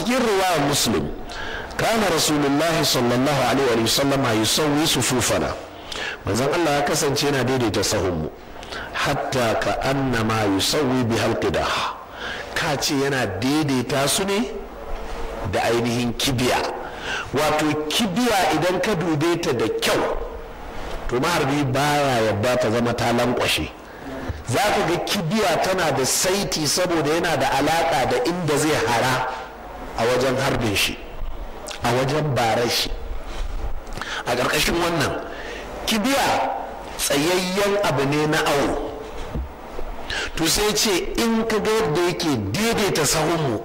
cikin riwayar muslim kana rasulullahi sallallahu alaihi wa sallam yusawwi sufufana manzon Allah ya kasance yana daidaita sahunmu hatta ka annama yusawwi bi halqida ka ce yana daidaita su ne da ainihin kibiya wato kibiya idan ka dube ta da kyau to maharbi baya yadda ta zama ta lankwashe za ka ga kibiya tana da saiti saboda yana da alaka da inda zai hara a wajen harbin shi a wajen barar shi a ƙarƙashin wannan kibiya tsayayyen abu ne na awo to sai ce in ka ga yadda yake daidaita sahunmu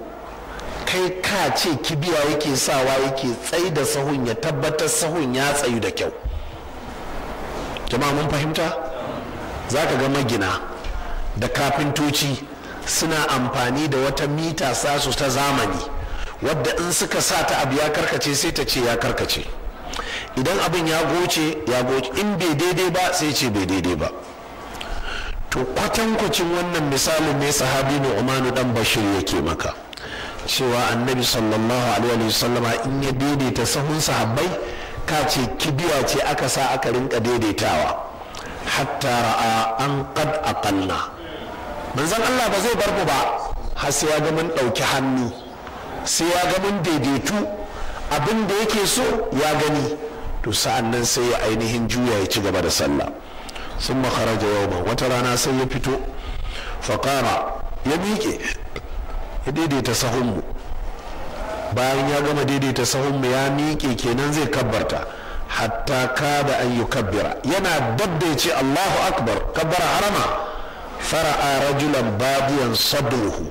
kai ka ce kibiya yake sawa yake tsayi da sahun ya tabbatar sahun ya tsayu da kyau jama'a mun fahimta za ka ga magina da kafintoci suna amfani da wata mita sasu ta zamani wadda in suka sa ta abu ya karkace sai ta ce ya karkace idan abin ya goce ya goce in bai daidai ba sai ce bai daidai ba to kwatankwacin wannan misalin ne sahabi ne umaru dan bashir yake maka cewa annabi sallallahu alaihi wasallama in ya daidaita sahun sahabbai ka ce kibiya ce aka sa aka rinka daidaitawa hatta ra'a an qad aqalla manzon Allah ba zai bar ku ba har sai ya ga mun dauki hannu sai ya ga mun daidaitu abin da yake so ya gani to sa'an nan sai ya ainihin juya ya ci gaba da sallah sun makaraja yau ba wata rana sai ya fito faƙara ya miƙe ya daidaita sahunmu bayan ya gama daidaita sahunmu ya miƙe kenan zai kabbarta hatta kada an yi kabbira yana ce allahu akbar kabbara harama fara'a rajulan babiyan sabruhu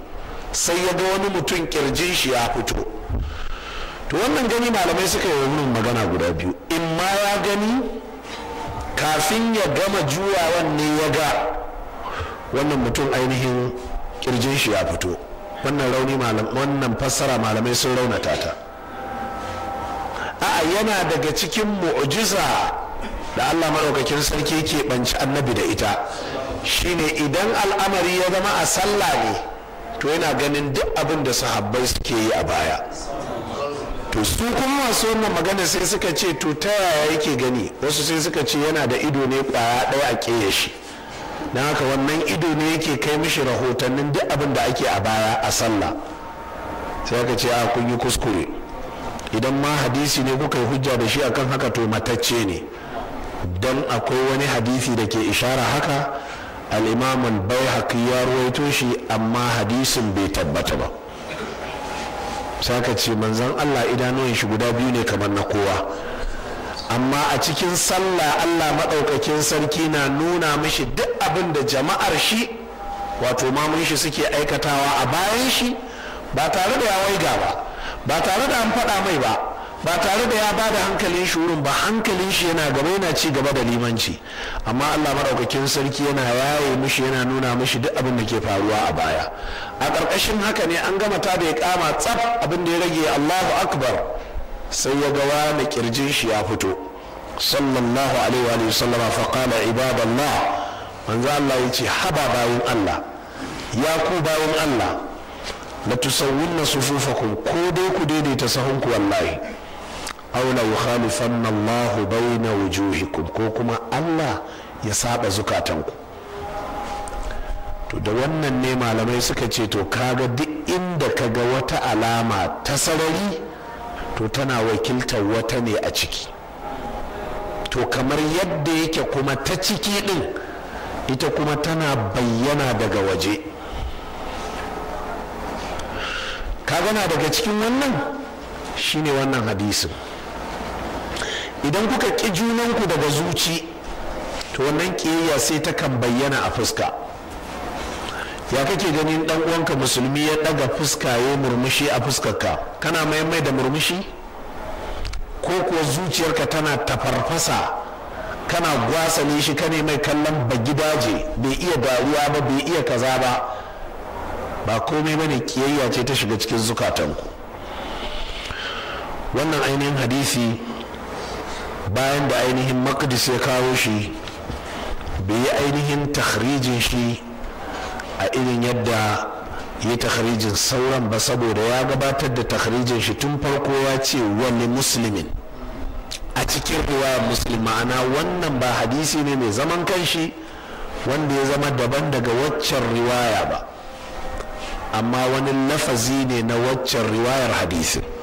sai ya ga wani mutum kirjin shi ya fito to wannan gani malamai suka yi wani magana guda biyu in ma ya gani kafin ya gama juyawan ne ya ga wannan mutum ainihin kirjin shi ya fito wannan rauni wannan fassara malamai sun raunata ta a'a yana daga cikin mu'jiza da Allah maɗaukakin sarki ke ɓanci annabi da ita shine idan al'amari ya zama a sallah ne to yana ganin duk abin da sahabbai suke yi a baya to su kuma masu wannan magana sai suka ce to ta yaya yake gani wasu sai suka ce yana da ido ne kwaya ɗaya a keya shi na haka wannan ido ne yake kai mishi rahotannin duk abin da ake a baya a sallah sai aka ce a kun yi kuskure idan ma hadisi ne kuka yi hujja da shi akan haka to matacce ne don akwai wani hadisi da ke ishara haka al'imamun bai haƙi ya ruwaito shi amma hadisin bai tabbata ba saka ce manzan allah idanuwan shi guda biyu ne kamar na kowa amma a cikin sallah allah maɗaukakin sarki na nuna mishi duk abin da jama'ar shi wato mamun shi suke aikatawa a bayan shi ba tare da ya waiga ba ba tare da an faɗa mai ba ba tare da ya ba da hankalin shi wurin ba hankalin shi yana gaba yana ci gaba da limanci amma Allah maɗaukakin sarki yana yaye mishi yana nuna mishi duk abin da ke faruwa a baya a ƙarƙashin haka ne an gama ta da ya kama tsaf abin da ya rage Allahu akbar sai ya ga wani kirjin shi ya fito sallallahu alaihi wa sallam fa qala ibadallah manzo Allah yace haba bayin Allah ya ku bayin Allah la tusawwinna sufufakum ko dai ku daidaita sahunku wallahi aula yukhalifanna Allahu baina wujuhikum ko kuma Allah ya saba zukatanku to da wannan ne malamai suka ce to kaga duk inda kaga wata alama ta sarari to tana wakiltar wata ne a ciki to kamar yadda yake kuma ta ciki din ita kuma tana bayyana daga waje na daga cikin wannan shine wannan hadisin idan kuka ƙi junanku daga zuci to wannan ƙiyayya sai ta kan bayyana a fuska ya kake ganin dan uwanka musulmi ya daga fuska ya murmushi a fuskarka kana maimai da murmushi ko kuwa zuciyarka tana tafarfasa kana ne shi kane mai kallon bagidaje bai iya dariya ba bai iya kaza ba ba komai bane kiyayya ce ta shiga cikin zukatanku wannan ainihin hadisi bayan da ainihin makadis ya kawo shi bai yi ainihin takhrijin shi a irin yadda yi takhrijin sauran ba saboda ya gabatar da takhrijin shi tun farko ya ce wani musulmin a cikin riwayar musulma ma'ana wannan ba hadisi ne mai zaman kanshi wanda ya zama daban daga waccan riwaya ba amma wani lafazi ne na waccan riwayar hadisin